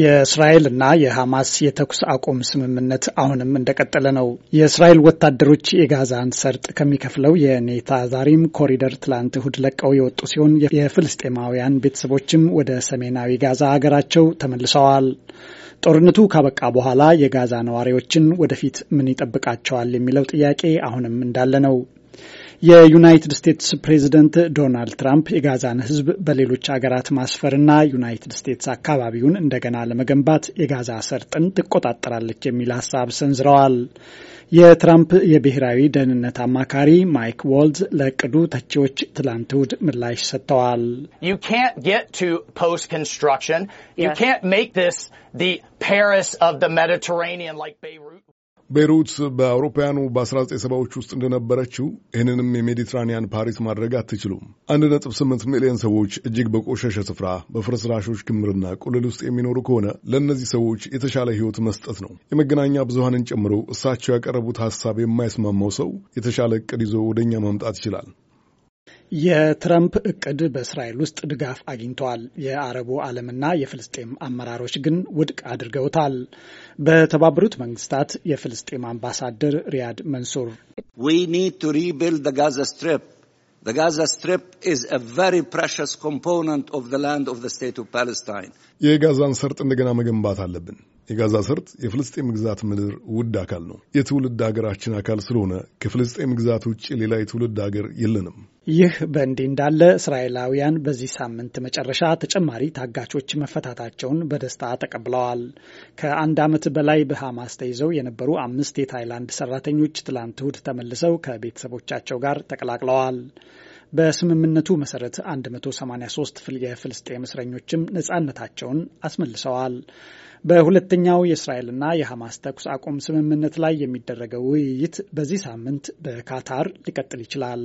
የእስራኤልና የሐማስ የተኩስ አቁም ስምምነት አሁንም እንደቀጠለ ነው። የእስራኤል ወታደሮች የጋዛን ሰርጥ ከሚከፍለው የኔታዛሪም ኮሪደር ትላንት እሁድ ለቀው የወጡ ሲሆን የፍልስጤማውያን ቤተሰቦችም ወደ ሰሜናዊ ጋዛ ሀገራቸው ተመልሰዋል። ጦርነቱ ካበቃ በኋላ የጋዛ ነዋሪዎችን ወደፊት ምን ይጠብቃቸዋል የሚለው ጥያቄ አሁንም እንዳለ ነው። የዩናይትድ ስቴትስ ፕሬዝደንት ዶናልድ ትራምፕ የጋዛን ሕዝብ በሌሎች አገራት ማስፈርና ዩናይትድ ስቴትስ አካባቢውን እንደገና ለመገንባት የጋዛ ሰርጥን ትቆጣጠራለች የሚል ሀሳብ ሰንዝረዋል። የትራምፕ የብሔራዊ ደህንነት አማካሪ ማይክ ዋልዝ ለቅዱ ተቺዎች ትላንት እሁድ ምላሽ ሰጥተዋል። ሪስ ኦፍ ሜዲትራኒን ላይክ ቤይሩት ቤይሩት በአውሮፓውያኑ በ1970ዎች ውስጥ እንደነበረችው ይህንንም የሜዲትራኒያን ፓሪስ ማድረግ አትችሉም። 1.8 ሚሊዮን ሰዎች እጅግ በቆሸሸ ስፍራ በፍርስራሾች ክምርና ቁልል ውስጥ የሚኖሩ ከሆነ ለእነዚህ ሰዎች የተሻለ ሕይወት መስጠት ነው። የመገናኛ ብዙሃንን ጨምሮ እሳቸው ያቀረቡት ሀሳብ የማይስማማው ሰው የተሻለ እቅድ ይዞ ወደኛ መምጣት ይችላል። የትረምፕ እቅድ በእስራኤል ውስጥ ድጋፍ አግኝተዋል። የአረቡ ዓለምና የፍልስጤም አመራሮች ግን ውድቅ አድርገውታል። በተባበሩት መንግስታት የፍልስጤም አምባሳደር ሪያድ መንሱር የጋዛን ሰርጥ እንደገና መገንባት አለብን። የጋዛ ሰርጥ የፍልስጤም ግዛት ምድር ውድ አካል ነው። የትውልድ ሀገራችን አካል ስለሆነ ከፍልስጤም ግዛት ውጭ ሌላ የትውልድ ሀገር የለንም። ይህ በእንዲህ እንዳለ እስራኤላውያን በዚህ ሳምንት መጨረሻ ተጨማሪ ታጋቾች መፈታታቸውን በደስታ ተቀብለዋል። ከአንድ ዓመት በላይ በሐማስ ተይዘው የነበሩ አምስት የታይላንድ ሰራተኞች ትላንት እሁድ ተመልሰው ከቤተሰቦቻቸው ጋር ተቀላቅለዋል። በስምምነቱ መሰረት 183 የፍልስጤም እስረኞችም ነጻነታቸውን አስመልሰዋል። በሁለተኛው የእስራኤልና የሐማስ ተኩስ አቁም ስምምነት ላይ የሚደረገው ውይይት በዚህ ሳምንት በካታር ሊቀጥል ይችላል።